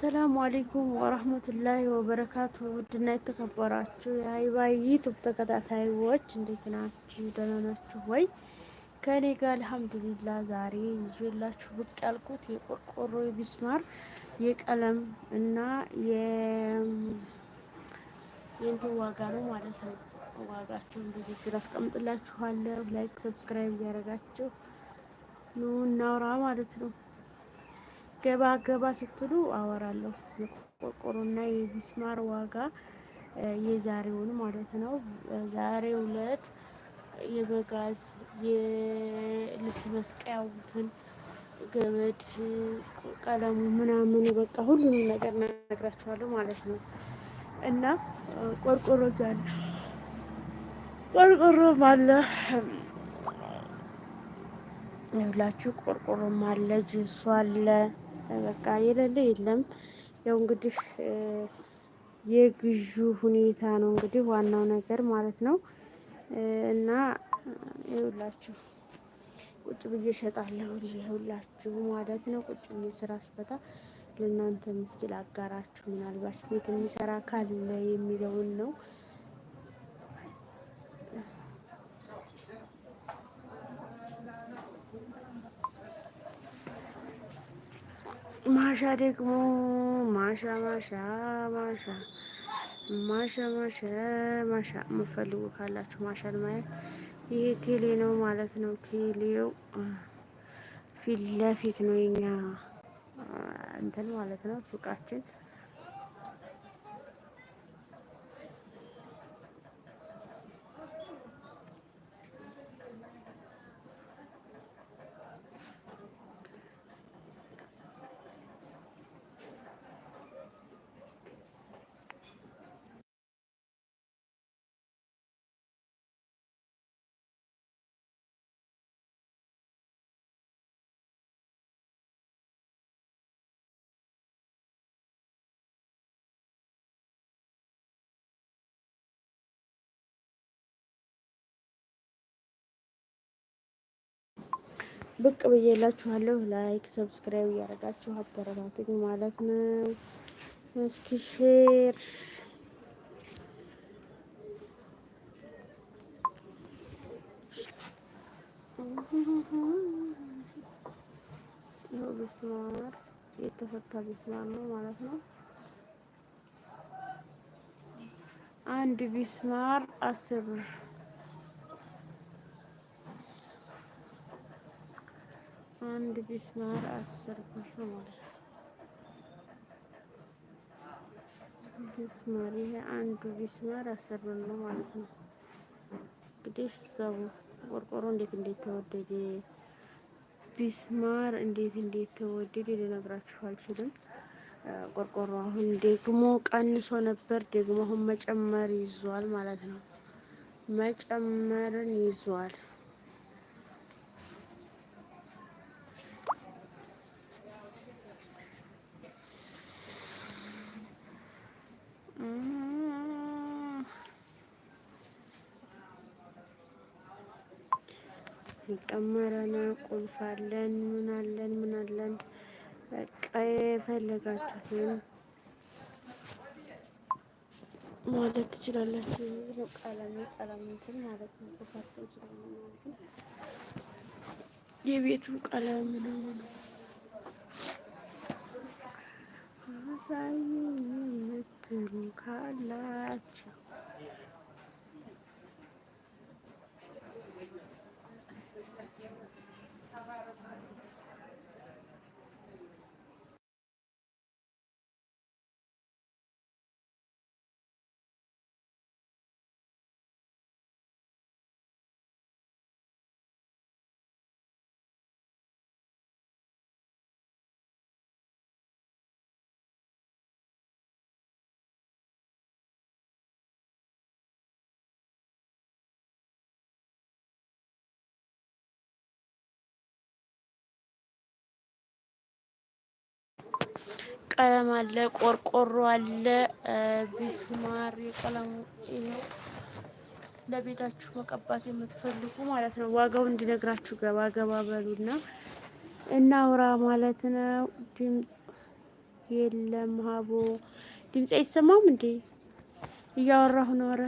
አሰላሙ አሌይኩም ወረህመቱላሂ ወበረካቱ። ውድና የተከበራችሁ የአይባይ ዩቱብ ተከታታዮች እንዴት ናችሁ? ደህና ናችሁ ወይ? ከእኔ ጋር አልሐምዱሊላ። ዛሬ ይዤላችሁ ብቅ ያልኩት የቆርቆሮ የሚስማር የቀለም እና የእንትን ዋጋ ነው ማለት ነው። ዋጋችሁ እንደዚህ አስቀምጥላችኋለሁ። ላይክ ሰብስክራይብ እያደረጋችሁ ኑ እናውራ ማለት ነው። ገባ ገባ ስትሉ አወራለሁ። የቆርቆሮና የቢስማር ዋጋ የዛሬውን ማለት ነው። ዛሬው ዕለት የበጋዝ የልብስ መስቀያው እንትን ገመድ፣ ቀለሙ ምናምን በቃ ሁሉንም ነገር ነግራችኋለሁ ማለት ነው። እና ቆርቆሮ ዛለ ቆርቆሮም አለ ይሁላችሁ፣ ቆርቆሮም አለ፣ ጅሱ አለ በቃ የሌለ የለም። ያው እንግዲህ የግዢ ሁኔታ ነው እንግዲህ ዋናው ነገር ማለት ነው። እና ይኸውላችሁ ቁጭ ብዬ እሸጣለሁ ይኸውላችሁ ማለት ነው። ቁጭ ብዬ ስራ ስፈታ ለእናንተ ምስኪል አጋራችሁ ምናልባት ቤት የሚሰራ ካለ የሚለውን ነው ማሻ ደግሞ ማሻ ማሻ ማሻ ማሻ ማሻ ማሻ የምትፈልጉ ካላችሁ ማሻን ማየት ይሄ ቴሌ ነው ማለት ነው። ቴሌው ፊት ለፊት ነው የኛ እንትን ማለት ነው ሱቃችን። ብቅ ብዬላችኋለሁ። ላይክ ሰብስክራይብ እያደረጋችሁ አበረታቱኝ ማለት ነው። እስኪ ሼር ይኸው ቢስማር የተፈታ ቢስማር ነው ማለት ነው። አንድ ቢስማር አስር ብር አንድ ቢስማር አስር ብር ማለት ነው። ቢስማር ይሄ አንዱ ቢስማር አስር ብር ነው ማለት ነው። እንግዲህ ሰው ቆርቆሮ እንዴት እንዴት ተወደደ፣ ቢስማር እንዴት እንዴት ተወደደ ልነግራችሁ አልችልም። ቆርቆሮ አሁን ደግሞ ቀንሶ ነበር፣ ደግሞ አሁን መጨመር ይዟል ማለት ነው። መጨመርን ይዟል። ይቀመረና ቁልፍ አለን ምን አለን ምን አለን በቃ የፈለጋችሁትን ማለት ትችላላችሁ። ነው ቃላሚ ቀለምትን ማለት ነው ጽፋችሁ ስለምናምን የቤቱ ቀለም ነው። አዛኝ የምትሉ ካላችሁ ቀለም አለ፣ ቆርቆሮ አለ፣ ቢስማር የቀለሙ ለቤታችሁ መቀባት የምትፈልጉ ማለት ነው። ዋጋው እንዲነግራችሁ ገባ ገባ በሉና እናውራ ማለት ነው። ድምፅ የለም ሀቦ ድምፅ አይሰማም እንዴ? እያወራሁ ኖረ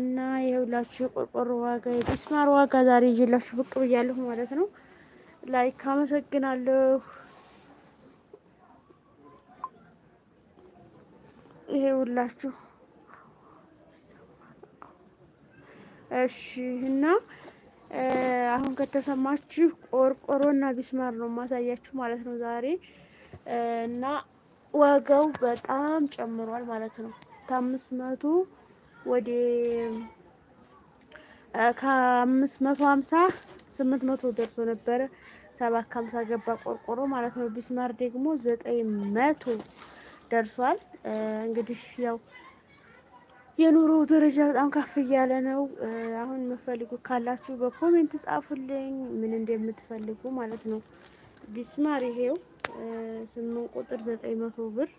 እና የሁላችሁ የቆርቆሮ ዋጋ የቢስማር ዋጋ ዛሬ እየላችሁ ብቅ ብያለሁ ማለት ነው። ላይክ አመሰግናለሁ። ይሄ ሁላችሁ እሺ። እና አሁን ከተሰማችሁ እና ቢስማር ነው ማሳያችሁ ማለት ነው ዛሬ እና ዋጋው በጣም ጨምሯል ማለት ነው። ከአምስት መቶ ወደ ከአምስት መቶ ሀምሳ ስምንት መቶ ደርሶ ነበረ። ሰባት ከሀምሳ ገባ ቆርቆሮ ማለት ነው። ቢስማር ደግሞ ዘጠኝ መቶ ደርሷል። እንግዲህ ያው የኑሮ ደረጃ በጣም ከፍ እያለ ነው። አሁን የምፈልጉ ካላችሁ በኮሜንት ጻፉልኝ፣ ምን እንደምትፈልጉ ማለት ነው። ቢስማር ይሄው ስምንት ቁጥር ዘጠኝ መቶ ብር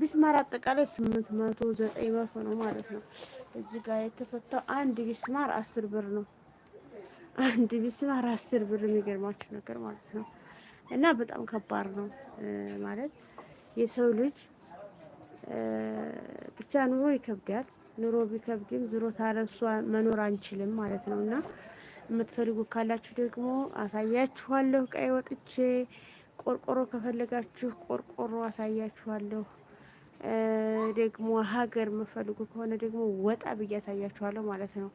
ቢስማር አጠቃላይ ስምንት መቶ ዘጠኝ መቶ ነው ማለት ነው። እዚህ ጋር የተፈታው አንድ ቢስማር አስር ብር ነው። አንድ ቢስማር አስር ብር የሚገርማችሁ ነገር ማለት ነው። እና በጣም ከባድ ነው ማለት የሰው ልጅ ብቻ ኑሮ ይከብዳል። ኑሮ ቢከብድም ዝሮ ታረሷ መኖር አንችልም ማለት ነው እና የምትፈልጉ ካላችሁ ደግሞ አሳያችኋለሁ። ቀይ ወጥቼ ቆርቆሮ ከፈለጋችሁ ቆርቆሮ አሳያችኋለሁ። ደግሞ ሀገር የምፈልጉ ከሆነ ደግሞ ወጣ ብዬ አሳያችኋለሁ ማለት ነው።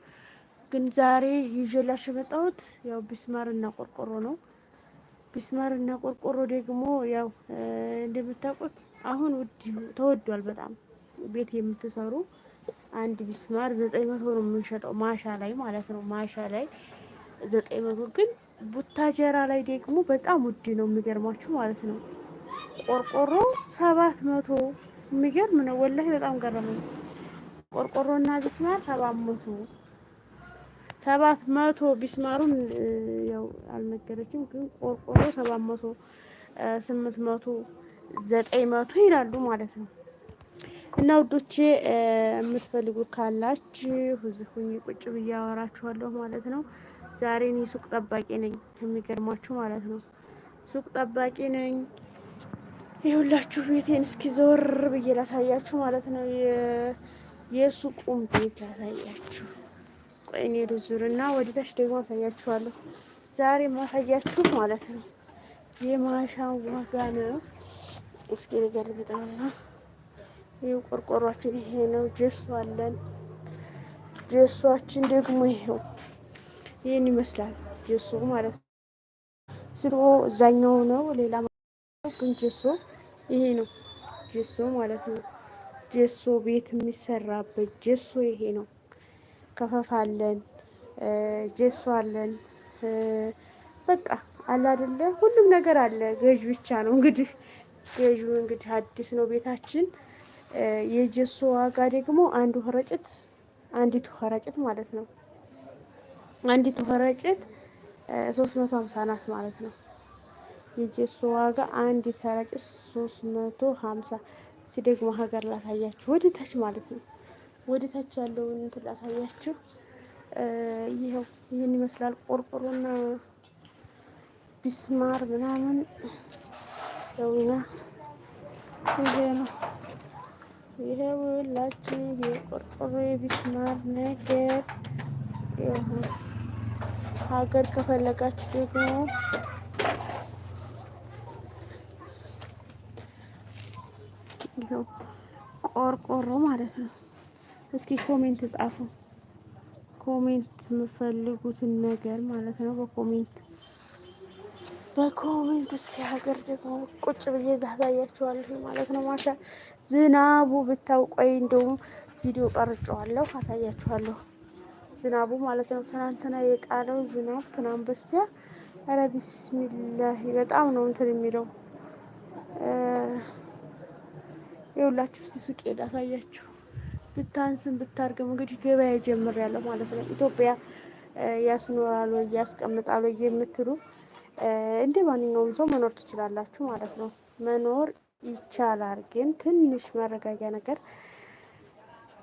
ግን ዛሬ ይዤላችሁ የመጣሁት ያው ቢስማርና ቆርቆሮ ነው። ቢስማር እና ቆርቆሮ ደግሞ ያው እንደምታውቁት አሁን ውድ ተወዷል። በጣም ቤት የምትሰሩ አንድ ቢስማር ዘጠኝ መቶ ነው የምንሸጠው ማሻ ላይ ማለት ነው። ማሻ ላይ ዘጠኝ መቶ ግን ቡታጀራ ላይ ደግሞ በጣም ውድ ነው የሚገርማችሁ ማለት ነው። ቆርቆሮ ሰባት መቶ የሚገርም ነው ወላሂ በጣም ገረመኝ። ቆርቆሮና ቢስማር ሰባት መቶ ሰባት መቶ ቢስማሩን ያው አልነገረችም፣ ግን ቆርቆሮ ሰባት መቶ ስምንት መቶ ዘጠኝ መቶ ይላሉ ማለት ነው። እና ውዶቼ የምትፈልጉ ካላችሁ እዚህ ቁጭ ብዬ አወራችኋለሁ ማለት ነው። ዛሬ እኔ ሱቅ ጠባቂ ነኝ፣ የሚገርማችሁ ማለት ነው። ሱቅ ጠባቂ ነኝ። ይኸውላችሁ ቤቴን እስኪ ዘወር ብዬ ላሳያችሁ ማለት ነው። የሱቁም ቤት ላሳያችሁ ቆይ እኔ ልዙር እና ወደታች ደግሞ አሳያችኋለሁ። ዛሬ ማሳያችሁ ማለት ነው የማሻ ዋጋ ነው። እስኪ ልገልብጠውና ይህ ቆርቆሯችን ይሄ ነው። ጀሶ አለን። ጀሶችን ደግሞ ይሄው ይህን ይመስላል። ጀሶ ማለት ነው ስሎ እዛኛው ነው ሌላ ግን ጀሶ ይሄ ነው። ጀሶ ማለት ነው ጀሶ ቤት የሚሰራበት ጀሶ ይሄ ነው። አለን፣ ጀሶ አለን። በቃ አለ አይደለ? ሁሉም ነገር አለ። ገዥ ብቻ ነው እንግዲህ ገዥ እንግዲህ አዲስ ነው ቤታችን። የጀሶ ዋጋ ደግሞ አንዱ ሆረጭት አንዲቱ ሆረጭት ማለት ነው አንዲቱ ሆረጭት 350 ናት ማለት ነው። የጀሶ ዋጋ አንዲት ሆረጭት 350 ሲደግሞ ሀገር ላሳያችሁ ወደ ታች ማለት ነው። ወደ ታች ያለውን እንትን ላሳያችሁ። ይኸው ይህን ይመስላል። ቆርቆሮና ቢስማር ምናምን ያውኛ ይሄ ነው። ይኸው ሁላችን የቆርቆሮ የቢስማር ነገር ሀገር ከፈለጋችሁ ደግሞ ቆርቆሮ ማለት ነው። እስኪ ኮሜንት ጻፉ። ኮሜንት የምፈልጉትን ነገር ማለት ነው። በኮሜንት በኮሜንት እስኪ ሀገር ደግሞ ቁጭ ብዬ ዛዛያችኋለሁ ማለት ነው። ማሻ ዝናቡ ብታውቆይ እንደውም ቪዲዮ ቀርጨዋለሁ አሳያችኋለሁ። ዝናቡ ማለት ነው ትናንትና የጣለው ዝናብ ትናንት በስቲያ ኧረ ቢስሚላሂ በጣም ነው እንትን የሚለው የሁላችሁ እስቲ ሱቄ ላሳያችሁ ብታንስም ብታርግም እንግዲህ ገበያ ጀምር ያለው ማለት ነው። ኢትዮጵያ ያስኖራሉ ወይ የምትሉ እንደ ማንኛውም ሰው መኖር ትችላላችሁ ማለት ነው። መኖር ይቻላል። ግን ትንሽ መረጋጊያ ነገር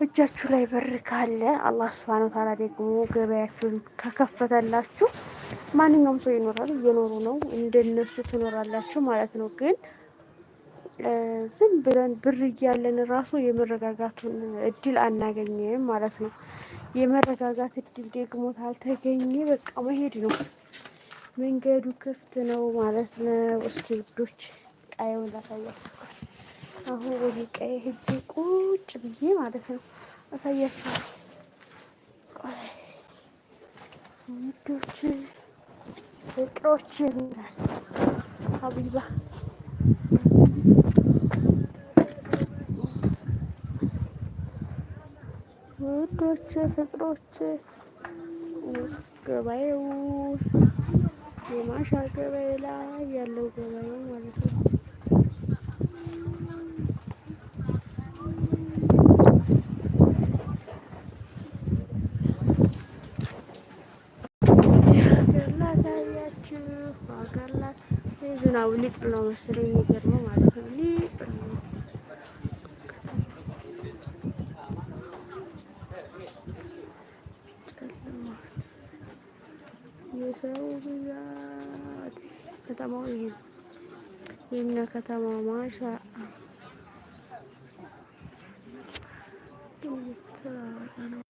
እጃችሁ ላይ በር ካለ አላህ ስብሃነ ወተዓላ ደግሞ ገበያችሁን ከከፈተላችሁ ማንኛውም ሰው ይኖራል፣ እየኖሩ ነው። እንደነሱ ትኖራላችሁ ማለት ነው ግን ዝም ብለን ብር እያለን ራሱ የመረጋጋቱን እድል አናገኝም ማለት ነው። የመረጋጋት እድል ደግሞ ካልተገኘ በቃ መሄድ ነው። መንገዱ ክፍት ነው ማለት ነው። እስኪ ውዶች ቀየውን ላሳያችሁ። አሁን ወደ ቀየ ህጅ ቁጭ ብዬ ማለት ነው ቆይ ውዶች ፍቅሮች ይላል አቢባ Proszę, proszę. Grywają. Nie ma szarka wejla, yellow grywają, ale to... ላሳያችሁ ሀገር ላት ዝናብ ሊጥ ነው መሰለኝ የሚገርመው ማለት ነው ሊጥ ነው በሰውብዛት ከተማው ይሄ የኛ ከተማ ማሻ ነው።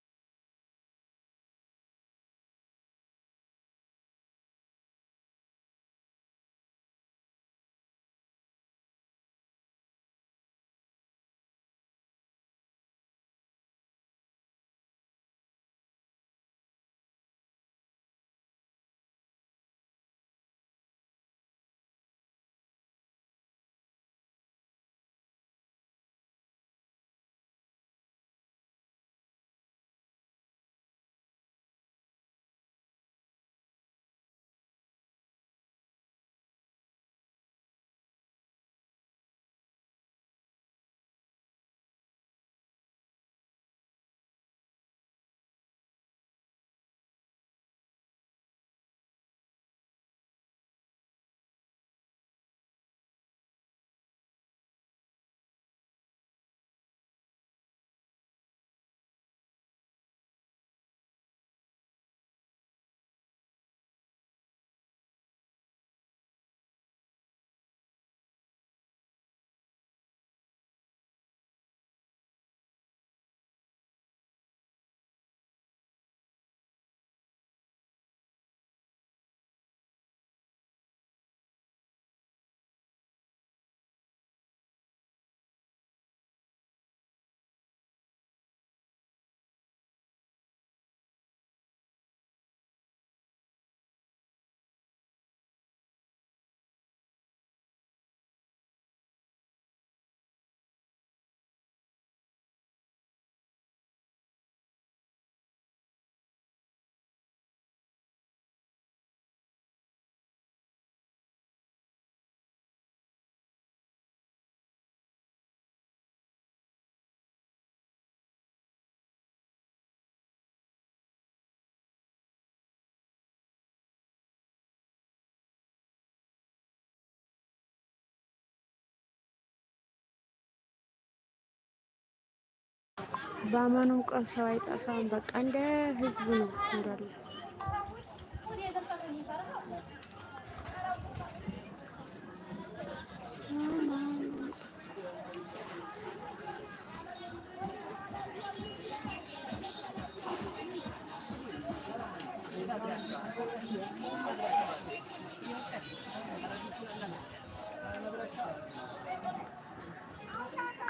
በአማኑም ቀን ሰው አይጠፋም። በቃ እንደ ህዝቡ ነው እንዳለ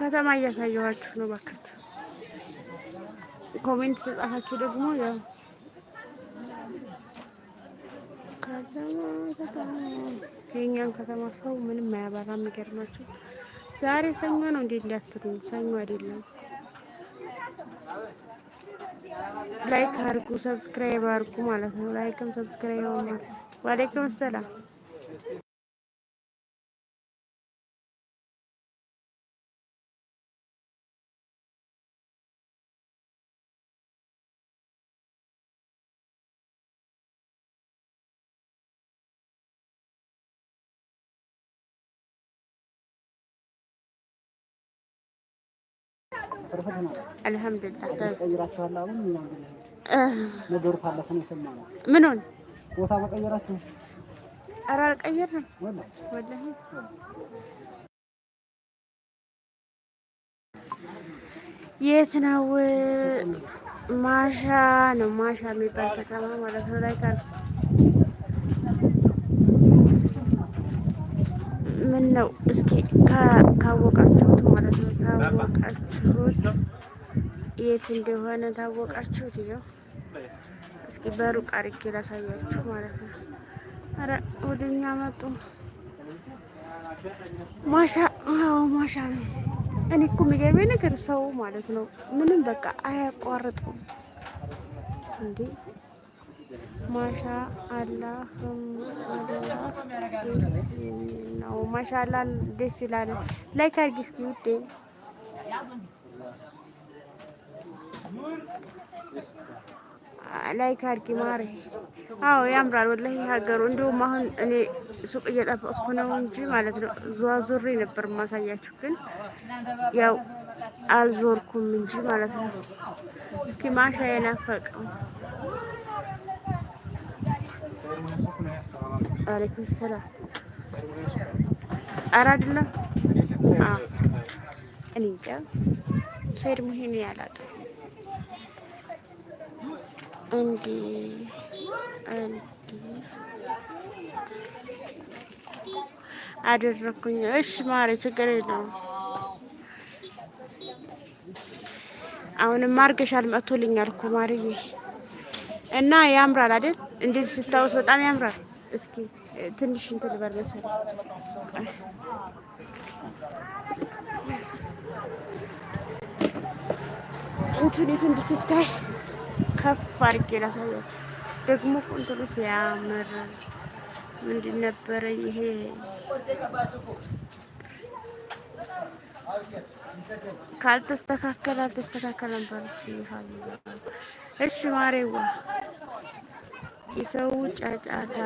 ከተማ እያሳየኋችሁ ነው። በካት ኮሜንት ተጻፋችሁ ደግሞ የእኛን ከተማ ሰው ምንም አያባራም። የሚገርማችሁ ዛሬ ሰኞ ነው እንዴ እንዳትሉ፣ ሰኞ አይደለም። ላይክ አርጉ፣ ሰብስክራይብ አርጉ ማለት ነው። ላይክም ሰብስክራይብ አድርጉ። ዋሌይኩም ሰላም ምኑን ቦታ መቀየራችሁ? ኧረ አልቀየርንም። የት ነው? ማሻ ነው ማሻ የሚባል ከተማ ማለት ነው ላይ ምን ነው እስኪ ካወቃችሁት ማለት ነው። ካወቃችሁት የት እንደሆነ ታወቃችሁት። ይኸው እስኪ በሩቅ አድርጌ ላሳያችሁ ማለት ነው። አረ ወደኛ መጡ። ማሻ አዎ፣ ማሻ ነው። እኔ እኮ የሚገርመኝ ነገር ሰው ማለት ነው ምንም በቃ አያቋርጡም እንዴ ማሻ አላህ ነው። ማሻ አላህ ደስ ይላል። ላይክ አድርጊ እስኪ ውዴ። ላይክ አድርጊ ማሪ። አዎ ያምራል ወላሂ ሀገሩ። እንዲሁም አሁን እኔ ሱቅ እየጠበቅኩ ነው እንጂ ማለት ነው ዟዙሬ ነበር ማሳያችሁ፣ ግን ያው አልዞርኩም እንጂ ማለት ነው። እስኪ ማሻ የናፈቀው አለይኩም ሰላም። ኧረ አይደለም እኔ እንጃ ሰይድ መሆኔ አላውቅም። እንዲህ እንዲህ አደረኩኝ። እሺ ማሪ ችግር የለውም። አሁንም አድርገሻል መጥቶልኛል እኮ ማርዬ እና ያምራል አይደል? እንደዚህ ስታዩት በጣም ያምራል። እስኪ ትንሽ እንትን ልበል መሰለኝ። እንትኒቱ እንድትታይ ከፍ አድርጌ ላሳያችሁ። ደግሞ ቁንጥሉ ሲያምር ምንድን ነበረ ይሄ ካልተስተካከለ አልተስተካከለ ነበረች። እሺ ማሬዋ የሰው ጫጫታ፣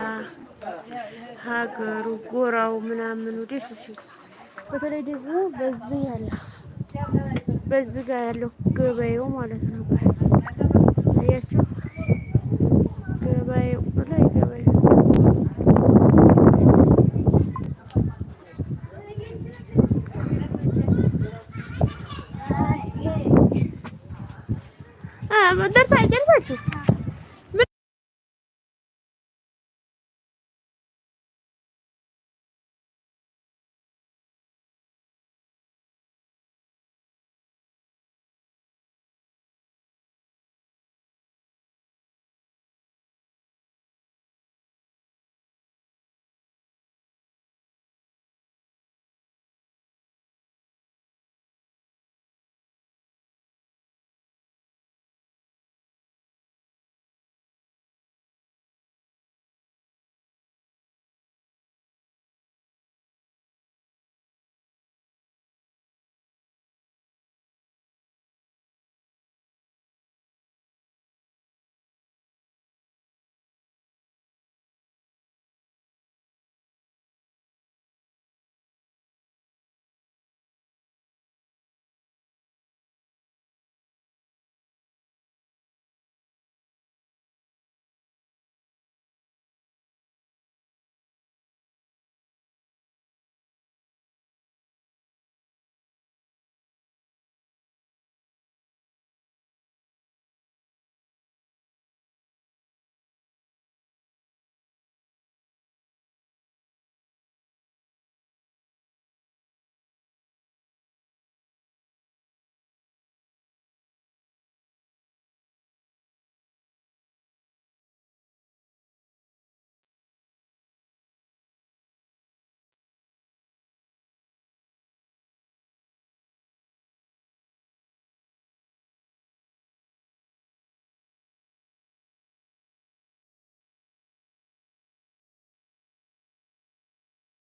ሀገሩ፣ ጎራው ምናምኑ ደስ ሲሉ በተለይ ደግሞ በዚህ ያለ በዚህ ጋር ያለው ገበያው ማለት ነው